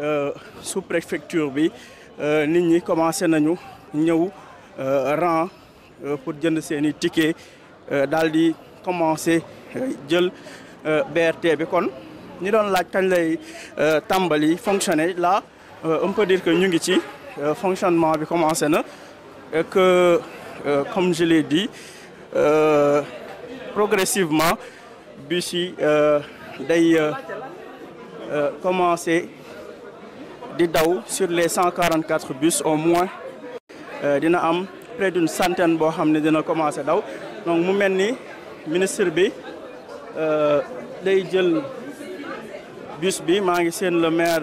Euh, sous préfecture bi euh, nit ñi commencé nañu ñëw euh, rang pour jënd seen ticket daal di commencé jël BRT bi kon ñi doon laaj kañ lay tambali fonctionner là on peut dire que ñu ngi ci fonctionnement bi commencé na et que comme je l'ai dit progressivement bus yi day commencé di sur les 144 bus au moins euh, dina am près d'une centaine de personnes qui dina commencé daw donc mu donc ministre bi euh, day jël bus bi le maire